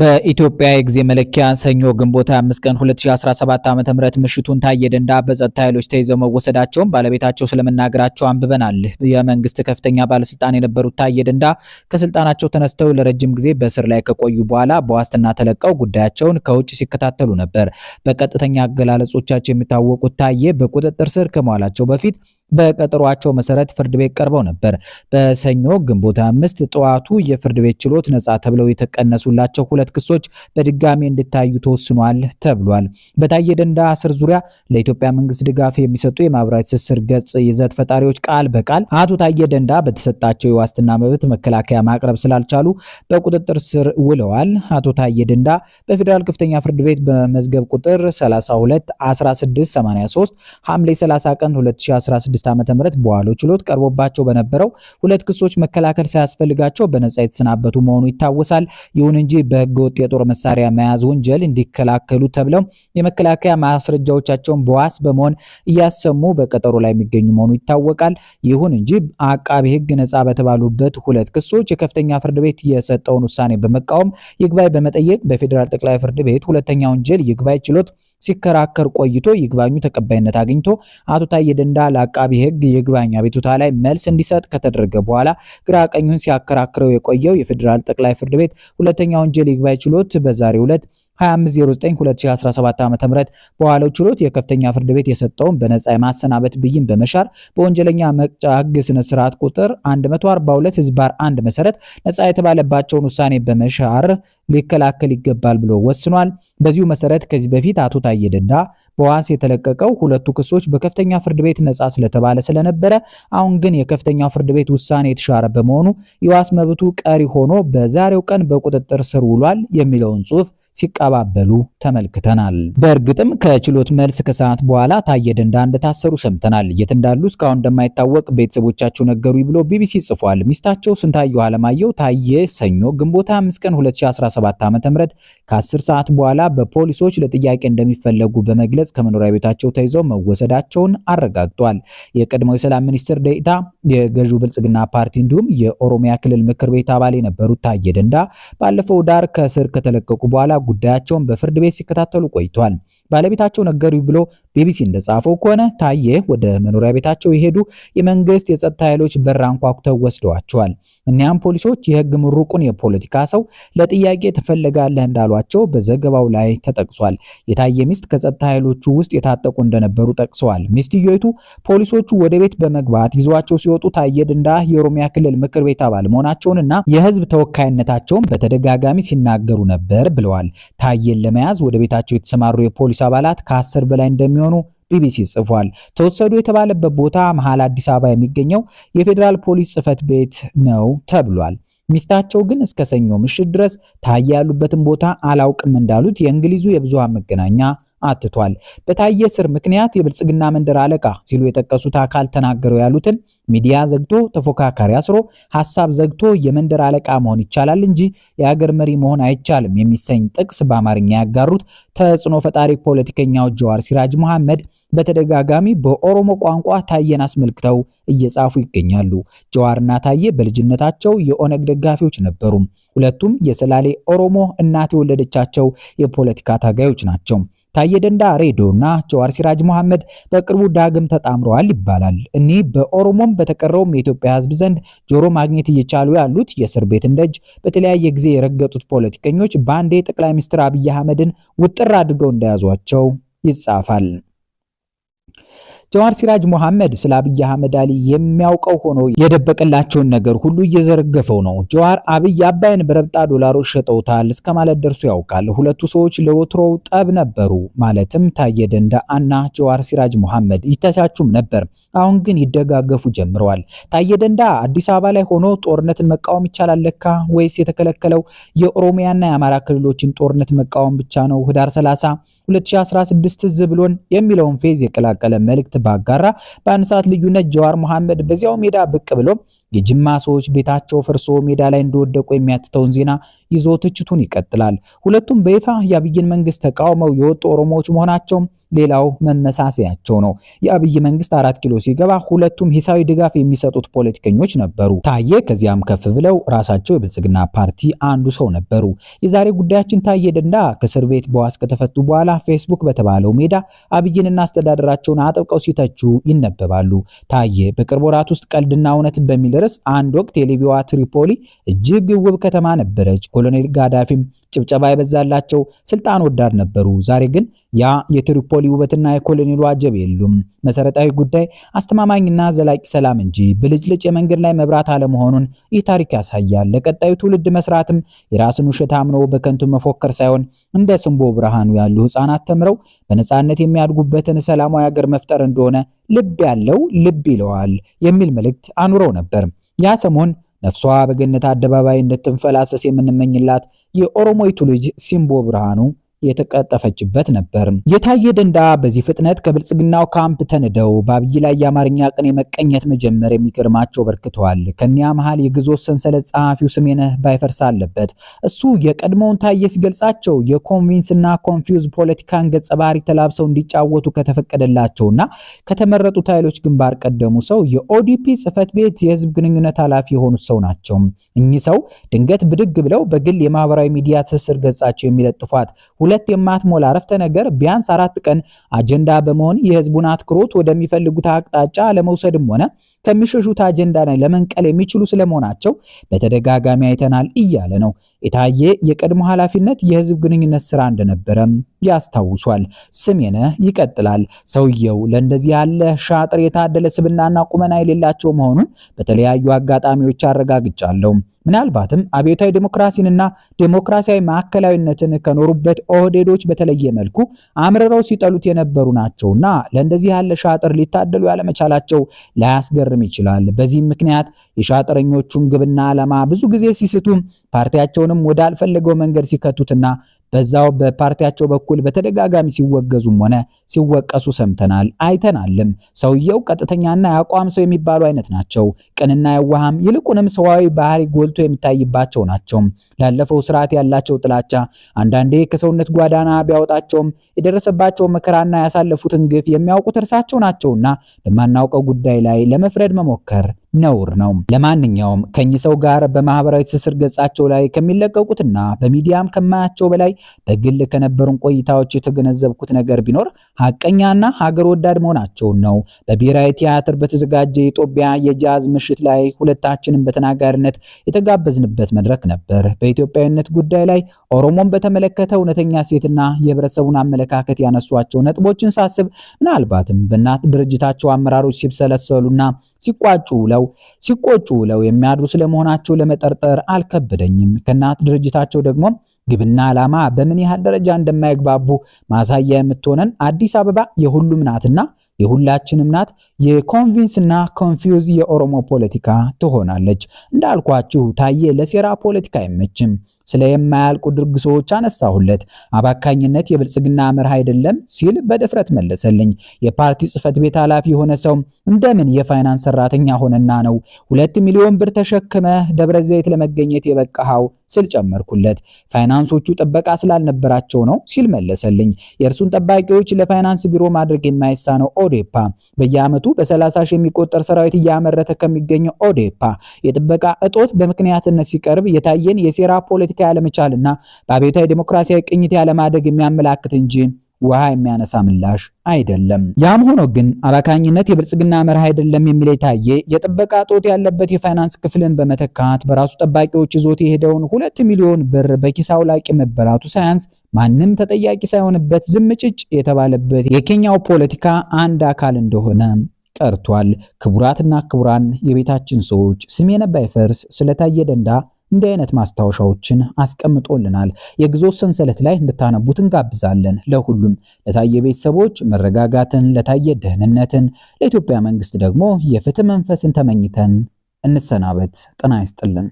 በኢትዮጵያ የጊዜ መለኪያ ሰኞ ግንቦት 5 ቀን 2017 ዓ.ም ምሽቱን ታየ ደንዳ በጸጥታ ኃይሎች ተይዘው መወሰዳቸውን ባለቤታቸው ስለመናገራቸው አንብበናል። የመንግስት ከፍተኛ ባለስልጣን የነበሩት ታየ ደንዳ ከስልጣናቸው ተነስተው ለረጅም ጊዜ በእስር ላይ ከቆዩ በኋላ በዋስትና ተለቀው ጉዳያቸውን ከውጭ ሲከታተሉ ነበር። በቀጥተኛ አገላለጾቻቸው የሚታወቁት ታየ በቁጥጥር ስር ከመዋላቸው በፊት በቀጠሯቸው መሰረት ፍርድ ቤት ቀርበው ነበር። በሰኞ ግንቦት አምስት ጠዋቱ የፍርድ ቤት ችሎት ነፃ ተብለው የተቀነሱላቸው ሁለት ክሶች በድጋሚ እንዲታዩ ተወስኗል ተብሏል። በታየ ደንዳ እስር ዙሪያ ለኢትዮጵያ መንግስት ድጋፍ የሚሰጡ የማህበራዊ ትስስር ገጽ ይዘት ፈጣሪዎች ቃል በቃል አቶ ታየ ደንዳ በተሰጣቸው የዋስትና መብት መከላከያ ማቅረብ ስላልቻሉ በቁጥጥር ስር ውለዋል። አቶ ታየ ደንዳ በፌዴራል ከፍተኛ ፍርድ ቤት በመዝገብ ቁጥር 32 1683 ሐምሌ 30 ቀን 2016 2016 ዓ.ም በዋለው ችሎት ቀርቦባቸው በነበረው ሁለት ክሶች መከላከል ሳያስፈልጋቸው በነጻ የተሰናበቱ መሆኑ ይታወሳል። ይሁን እንጂ በህገ ወጥ የጦር መሳሪያ መያዝ ወንጀል እንዲከላከሉ ተብለው የመከላከያ ማስረጃዎቻቸውን በዋስ በመሆን እያሰሙ በቀጠሮ ላይ የሚገኙ መሆኑ ይታወቃል። ይሁን እንጂ አቃቢ ህግ ነጻ በተባሉበት ሁለት ክሶች የከፍተኛ ፍርድ ቤት የሰጠውን ውሳኔ በመቃወም ይግባይ በመጠየቅ በፌዴራል ጠቅላይ ፍርድ ቤት ሁለተኛ ወንጀል ይግባይ ችሎት ሲከራከር ቆይቶ ይግባኙ ተቀባይነት አግኝቶ አቶ ታዬ ደንዳ ለአቃቢ ህግ የይግባኝ አቤቱታ ላይ መልስ እንዲሰጥ ከተደረገ በኋላ ግራ ቀኙን ሲያከራክረው የቆየው የፌዴራል ጠቅላይ ፍርድ ቤት ሁለተኛ ወንጀል ይግባኝ ችሎት በዛሬው ዕለት 25092017 ዓ.ም በዋለው ችሎት የከፍተኛ ፍርድ ቤት የሰጠውን በነፃ የማሰናበት ብይን በመሻር በወንጀለኛ መቅጫ ሕግ ስነ ስርዓት ቁጥር 142 ህዝባር 1 መሰረት ነፃ የተባለባቸውን ውሳኔ በመሻር ሊከላከል ይገባል ብሎ ወስኗል። በዚሁ መሰረት ከዚህ በፊት አቶ ታዬ ደንዳ በዋስ የተለቀቀው ሁለቱ ክሶች በከፍተኛ ፍርድ ቤት ነፃ ስለተባለ ስለነበረ አሁን ግን የከፍተኛው ፍርድ ቤት ውሳኔ የተሻረ በመሆኑ የዋስ መብቱ ቀሪ ሆኖ በዛሬው ቀን በቁጥጥር ስር ውሏል የሚለውን ጽሑፍ ሲቀባበሉ ተመልክተናል። በእርግጥም ከችሎት መልስ ከሰዓት በኋላ ታየ ደንዳ እንደታሰሩ ሰምተናል። የት እንዳሉ እስካሁን እንደማይታወቅ ቤተሰቦቻቸው ነገሩ ብሎ ቢቢሲ ጽፏል። ሚስታቸው ስንታየሁ አለማየሁ ታየ ሰኞ ግንቦት 5 ቀን 2017 ዓ.ም ከ10 ሰዓት በኋላ በፖሊሶች ለጥያቄ እንደሚፈለጉ በመግለጽ ከመኖሪያ ቤታቸው ተይዘው መወሰዳቸውን አረጋግጧል። የቀድሞው የሰላም ሚኒስትር ዴኤታ የገዢው ብልጽግና ፓርቲ እንዲሁም የኦሮሚያ ክልል ምክር ቤት አባል የነበሩት ታየ ደንዳ ባለፈው ዳር ከእስር ከተለቀቁ በኋላ ጉዳያቸውን በፍርድ ቤት ሲከታተሉ ቆይቷል። ባለቤታቸው ነገሩ ብሎ ቢቢሲ እንደጻፈው ከሆነ ታየ ወደ መኖሪያ ቤታቸው የሄዱ የመንግስት የጸጥታ ኃይሎች በር አንኳኩተው ወስደዋቸዋል። እኒያም ፖሊሶች የህግ ምሩቁን የፖለቲካ ሰው ለጥያቄ ትፈልጋለህ እንዳሏቸው በዘገባው ላይ ተጠቅሷል። የታየ ሚስት ከጸጥታ ኃይሎቹ ውስጥ የታጠቁ እንደነበሩ ጠቅሰዋል። ሚስትየቱ ፖሊሶቹ ወደ ቤት በመግባት ይዟቸው ሲወጡ ታየ ድንዳ የኦሮሚያ ክልል ምክር ቤት አባል መሆናቸውንና የህዝብ ተወካይነታቸውን በተደጋጋሚ ሲናገሩ ነበር ብለዋል። ታየን ለመያዝ ወደ ቤታቸው የተሰማሩ የፖሊስ አባላት ከአስር በላይ እንደሚሆኑ ቢቢሲ ጽፏል። ተወሰዱ የተባለበት ቦታ መሃል አዲስ አበባ የሚገኘው የፌዴራል ፖሊስ ጽፈት ቤት ነው ተብሏል። ሚስታቸው ግን እስከ ሰኞ ምሽት ድረስ ታዬ ያሉበትን ቦታ አላውቅም እንዳሉት የእንግሊዙ የብዙሃን መገናኛ አትቷል። በታየ ስር ምክንያት የብልጽግና መንደር አለቃ ሲሉ የጠቀሱት አካል ተናገረው ያሉትን ሚዲያ ዘግቶ ተፎካካሪ አስሮ ሀሳብ ዘግቶ የመንደር አለቃ መሆን ይቻላል እንጂ የሀገር መሪ መሆን አይቻልም የሚሰኝ ጥቅስ በአማርኛ ያጋሩት ተጽዕኖ ፈጣሪ ፖለቲከኛው ጀዋር ሲራጅ መሐመድ በተደጋጋሚ በኦሮሞ ቋንቋ ታየን አስመልክተው እየጻፉ ይገኛሉ። ጀዋርና ታየ በልጅነታቸው የኦነግ ደጋፊዎች ነበሩ። ሁለቱም የሰላሌ ኦሮሞ እናት የወለደቻቸው የፖለቲካ ታጋዮች ናቸው። ታዬ ደንዳ እና ጀዋር ሲራጅ መሐመድ በቅርቡ ዳግም ተጣምረዋል ይባላል። እኒህ በኦሮሞም በተቀረውም የኢትዮጵያ ሕዝብ ዘንድ ጆሮ ማግኘት እየቻሉ ያሉት የእስር ቤት እንደጅ በተለያየ ጊዜ የረገጡት ፖለቲከኞች በአንዴ ጠቅላይ ሚኒስትር አብይ አህመድን ውጥር አድርገው እንደያዟቸው ይጻፋል። ጀዋር ሲራጅ መሐመድ ስለ አብይ አህመድ አሊ የሚያውቀው ሆኖ የደበቀላቸውን ነገር ሁሉ እየዘረገፈው ነው። ጀዋር አብይ አባይን በረብጣ ዶላሮች ሸጠውታል እስከ ማለት ደርሶ ያውቃል። ሁለቱ ሰዎች ለወትሮው ጠብ ነበሩ። ማለትም ታየ ደንደአ እና ጀዋር ሲራጅ መሐመድ ይተቻቹም ነበር። አሁን ግን ይደጋገፉ ጀምረዋል። ታየ ደንደአ አዲስ አበባ ላይ ሆኖ ጦርነትን መቃወም ይቻላል ለካ ወይስ የተከለከለው የኦሮሚያና የአማራ ክልሎችን ጦርነት መቃወም ብቻ ነው? ህዳር 30 2016 ዝብሎን የሚለውን ፌዝ የቀላቀለ መልእክት ባጋራ በአንድ ሰዓት ልዩነት ጀዋር መሐመድ በዚያው ሜዳ ብቅ ብሎ የጅማ ሰዎች ቤታቸው ፈርሶ ሜዳ ላይ እንደወደቁ የሚያትተውን ዜና ይዞ ትችቱን ይቀጥላል። ሁለቱም በይፋ የአብይን መንግስት ተቃውመው የወጡ ኦሮሞዎች መሆናቸው ሌላው መመሳሰያቸው ነው። የአብይ መንግስት አራት ኪሎ ሲገባ ሁለቱም ሂሳዊ ድጋፍ የሚሰጡት ፖለቲከኞች ነበሩ። ታዬ ከዚያም ከፍ ብለው ራሳቸው የብልጽግና ፓርቲ አንዱ ሰው ነበሩ። የዛሬ ጉዳያችን ታዬ ደንዳ ከእስር ቤት በዋስ ከተፈቱ በኋላ ፌስቡክ በተባለው ሜዳ አብይንና አስተዳደራቸውን አጥብቀው ሲተቹ ይነበባሉ። ታዬ በቅርብ ወራት ውስጥ ቀልድና እውነት በሚል ድረስ አንድ ወቅት የሊቢያዋ ትሪፖሊ እጅግ ውብ ከተማ ነበረች። ኮሎኔል ጋዳፊም ጭብጨባ የበዛላቸው ስልጣን ወዳድ ነበሩ። ዛሬ ግን ያ የትሪፖሊ ውበትና የኮሎኔሉ አጀብ የሉም። መሰረታዊ ጉዳይ አስተማማኝና ዘላቂ ሰላም እንጂ ብልጭልጭ የመንገድ ላይ መብራት አለመሆኑን ይህ ታሪክ ያሳያል። ለቀጣዩ ትውልድ መስራትም የራስን ውሸት አምኖ በከንቱ መፎከር ሳይሆን እንደ ስንቦ ብርሃኑ ያሉ ህፃናት ተምረው በነፃነት የሚያድጉበትን ሰላማዊ ሀገር መፍጠር እንደሆነ ልብ ያለው ልብ ይለዋል የሚል መልእክት አኑረው ነበር። ያ ሰሞን ነፍሷ በገነት አደባባይ እንድትንፈላሰስ የምንመኝላት የኦሮሞይቱ ልጅ ሲምቦ ብርሃኑ የተቀጠፈችበት ነበር። የታየ ደንዳ በዚህ ፍጥነት ከብልጽግናው ካምፕ ተንደው በአብይ ላይ የአማርኛ ቅኔ መቀኘት መጀመር የሚገርማቸው በርክተዋል። ከኒያ መሀል የግዞት ሰንሰለት ጸሐፊው ስሜነህ ባይፈርስ አለበት። እሱ የቀድሞውን ታየ ሲገልጻቸው የኮንቪንስና ኮንፊውዝ ፖለቲካን ገጸ ባህሪ ተላብሰው እንዲጫወቱ ከተፈቀደላቸውና ከተመረጡት ኃይሎች ግንባር ቀደሙ ሰው የኦዲፒ ጽህፈት ቤት የህዝብ ግንኙነት ኃላፊ የሆኑት ሰው ናቸው። እኚህ ሰው ድንገት ብድግ ብለው በግል የማህበራዊ ሚዲያ ትስስር ገጻቸው የሚለጥፏት ሁለት የማትሞላ አረፍተ ነገር ቢያንስ አራት ቀን አጀንዳ በመሆን የህዝቡን አትኩሮት ወደሚፈልጉት አቅጣጫ ለመውሰድም ሆነ ከሚሸሹት አጀንዳ ላይ ለመንቀል የሚችሉ ስለመሆናቸው በተደጋጋሚ አይተናል እያለ ነው። የታየ የቀድሞ ኃላፊነት የህዝብ ግንኙነት ስራ እንደነበረም ያስታውሷል። ስሜነህ ይቀጥላል። ሰውየው ለእንደዚህ ያለ ሻጥር የታደለ ስብናና ቁመና የሌላቸው መሆኑን በተለያዩ አጋጣሚዎች አረጋግጫለሁ። ምናልባትም አብዮታዊ ዴሞክራሲንና ዴሞክራሲያዊ ማዕከላዊነትን ከኖሩበት ኦህዴዶች በተለየ መልኩ አምርረው ሲጠሉት የነበሩ ናቸውና ለእንደዚህ ያለ ሻጥር ሊታደሉ ያለመቻላቸው ላያስገርም ይችላል። በዚህም ምክንያት የሻጥረኞቹን ግብና ዓላማ ብዙ ጊዜ ሲስቱ ፓርቲያቸውንም ወዳልፈለገው መንገድ ሲከቱትና በዛው በፓርቲያቸው በኩል በተደጋጋሚ ሲወገዙም ሆነ ሲወቀሱ ሰምተናል አይተናልም። ሰውየው ቀጥተኛና ያቋም ሰው የሚባሉ አይነት ናቸው። ቅንና የዋሃም ይልቁንም ሰዋዊ ባህሪ ጎልቶ የሚታይባቸው ናቸው። ላለፈው ስርዓት ያላቸው ጥላቻ አንዳንዴ ከሰውነት ጓዳና ቢያወጣቸውም የደረሰባቸው መከራና ያሳለፉትን ግፍ የሚያውቁት እርሳቸው ናቸውና በማናውቀው ጉዳይ ላይ ለመፍረድ መሞከር ነውር ነው። ለማንኛውም ከእኚህ ሰው ጋር በማህበራዊ ትስስር ገጻቸው ላይ ከሚለቀቁትና በሚዲያም ከማያቸው በላይ በግል ከነበሩን ቆይታዎች የተገነዘብኩት ነገር ቢኖር ሀቀኛና ሀገር ወዳድ መሆናቸውን ነው። በብሔራዊ ቲያትር በተዘጋጀ የጦቢያ የጃዝ ምሽት ላይ ሁለታችንም በተናጋሪነት የተጋበዝንበት መድረክ ነበር። በኢትዮጵያዊነት ጉዳይ ላይ ኦሮሞን በተመለከተ እውነተኛ ሴትና የህብረተሰቡን አመለካከት ያነሷቸው ነጥቦችን ሳስብ ምናልባትም በእናት ድርጅታቸው አመራሮች ሲብሰለሰሉና ሲቋጩ ውለው ሲቆጩ ውለው የሚያድሩ ስለመሆናቸው ለመጠርጠር አልከበደኝም። ከእናት ድርጅታቸው ደግሞ ግብና ዓላማ በምን ያህል ደረጃ እንደማይግባቡ ማሳያ የምትሆነን አዲስ አበባ የሁሉም ናትና የሁላችንም ናት። የኮንቪንስና ኮንፊውዝ የኦሮሞ ፖለቲካ ትሆናለች። እንዳልኳችሁ ታዬ ለሴራ ፖለቲካ አይመችም። ስለ የማያልቁ ድግሶች አነሳሁለት። አባካኝነት የብልጽግና መርህ አይደለም ሲል በድፍረት መለሰልኝ። የፓርቲ ጽህፈት ቤት ኃላፊ የሆነ ሰው እንደምን የፋይናንስ ሰራተኛ ሆነና ነው ሁለት ሚሊዮን ብር ተሸክመህ ደብረ ዘይት ለመገኘት የበቃሃው ስል ጨመርኩለት። ፋይናንሶቹ ጥበቃ ስላልነበራቸው ነው ሲል መለሰልኝ። የእርሱን ጠባቂዎች ለፋይናንስ ቢሮ ማድረግ የማይሳነው ኦዴፓ በየአመቱ በሰላሳ ሺህ የሚቆጠር ሰራዊት እያመረተ ከሚገኘው ኦዴፓ የጥበቃ እጦት በምክንያትነት ሲቀርብ የታየን የሴራ ፖለቲካ ያለመቻልና በአብዮታዊ ዲሞክራሲያዊ ቅኝት ያለማደግ የሚያመላክት እንጂ ውሃ የሚያነሳ ምላሽ አይደለም። ያም ሆኖ ግን አባካኝነት የብልጽግና መርህ አይደለም የሚል የታየ የጥበቃ ጦት ያለበት የፋይናንስ ክፍልን በመተካት በራሱ ጠባቂዎች ይዞት የሄደውን ሁለት ሚሊዮን ብር በኪሳው ላቂ መበላቱ ሳያንስ ማንም ተጠያቂ ሳይሆንበት ዝምጭጭ የተባለበት የኬንያው ፖለቲካ አንድ አካል እንደሆነ ቀርቷል። ክቡራትና ክቡራን የቤታችን ሰዎች ስሜነ ባይፈርስ ስለታየ ደንዳ እንዲህ አይነት ማስታወሻዎችን አስቀምጦልናል። የግዞ ሰንሰለት ላይ እንድታነቡት እንጋብዛለን። ለሁሉም ለታየ ቤተሰቦች መረጋጋትን፣ ለታየ ደህንነትን፣ ለኢትዮጵያ መንግስት ደግሞ የፍትህ መንፈስን ተመኝተን እንሰናበት። ጤና ይስጥልን።